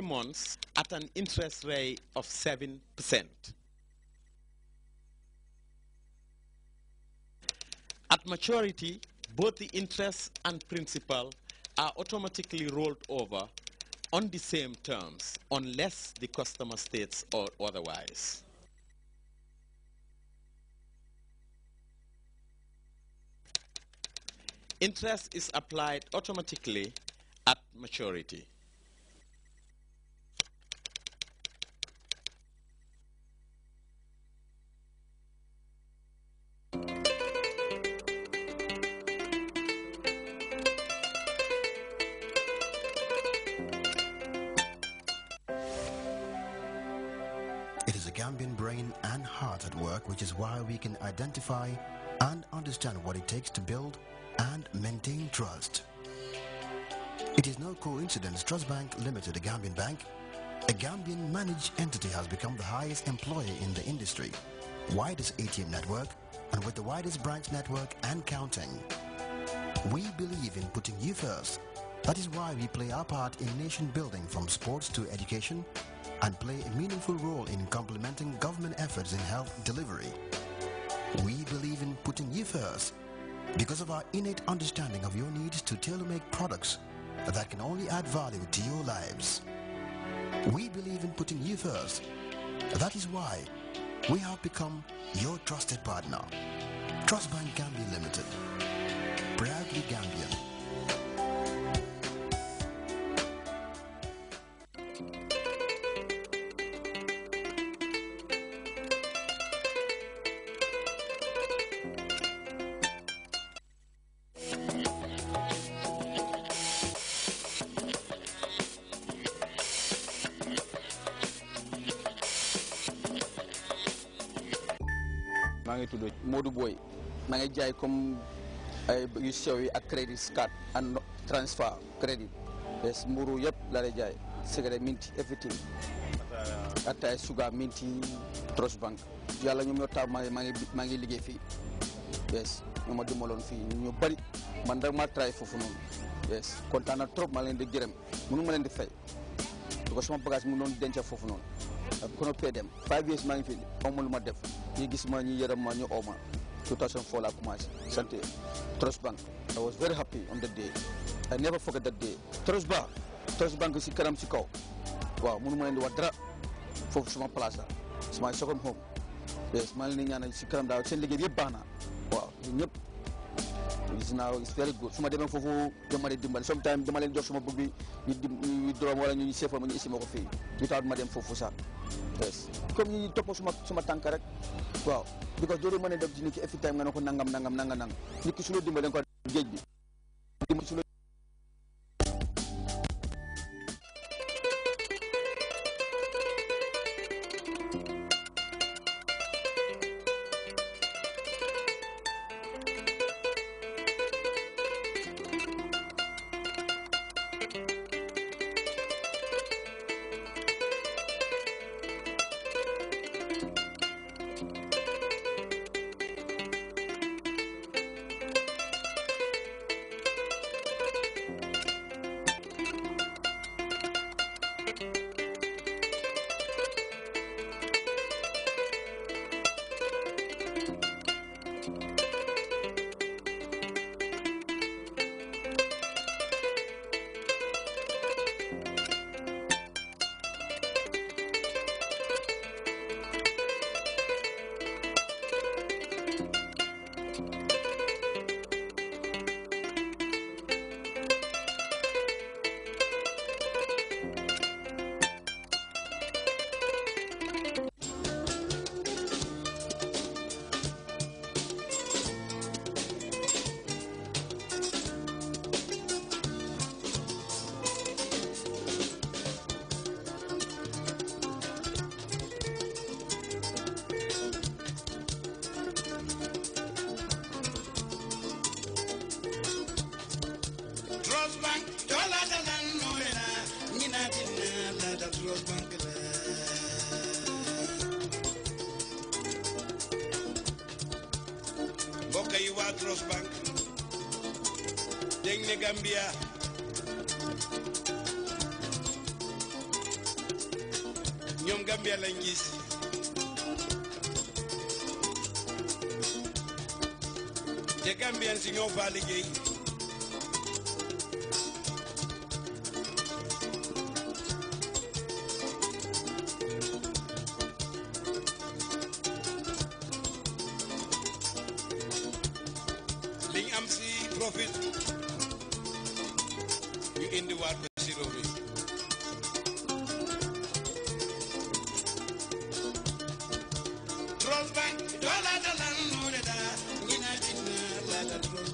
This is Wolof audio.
months at an interest rate of 7%. At maturity, both the interest and principal are automatically rolled over on the same terms unless the customer states or otherwise. Interest is applied automatically at maturity. It is a Gambian brain and heart at work, which is why we can identify and understand what it takes to build and maintain trust. It is no coincidence Trust Bank Limited, a Gambian bank, a Gambian managed entity has become the highest employer in the industry, widest ATM network, and with the widest branch network and counting. We believe in putting you first. That is why we play our part in nation building from sports to education, and play a meaningful role in complementing government efforts in health delivery. We believe in putting you first because of our innate understanding of your needs to tailor-make products that can only add value to your lives. We believe in putting you first. That is why we have become your trusted partner. Trust Bank Gambia Limited. Proudly Gambian. maa ngi tudd Modou Boy maa ngi jaay comme ay yu sew yi ak crédit card and transfer crédit yes mburu yëpp laa lay jaay cigarette minti everything ataay sugar minti Trust Bank yàlla ñoom ñoo tax maa ngi maa ngi liggéey fii yes ñoo ma dimbaloon fii ñu bari man da ma tray foofu noonu yes kontaan na trop maa leen di gërëm mënu ma leen di fay parce que sama bagage mu doon denc foofu noonu pay them. five years money ngi fi amul ma def ñi gis ma ñi ma ñu 2004 laa commencé sant Trust Bank I was very happy on that day I never forget that day Trust Bank Trust Bank si kanam si kaw waaw mënu ma leen di wax dara foofu suma place la it's my second home yes maa name. leen di ñaanal si kanam daal seen liggéey yëpp baax is now it's very good suma demee foofu dama leen dimbali sometimes dama leen jox suma book bi ñu dorom wala ñu seefal ma ñu isi ma ko fii ñu tax ma dem foofu sax yes comme ñu topp suma suma tànk rek waaw because doo mën a def ci nit ki every time nga ne ko nangam nangam nangam nangam nit ki su la dimbali nga ko géej bi dimbali su bank tola da dan norena nina dinna la da trust bank la mbokk yi waa trust bank dégg ne Gambia ñoom Gambia lañ gis te Gambien si ñoo faa liggéey profit in the world, si réew mi troll bank doo laata lan noo de daa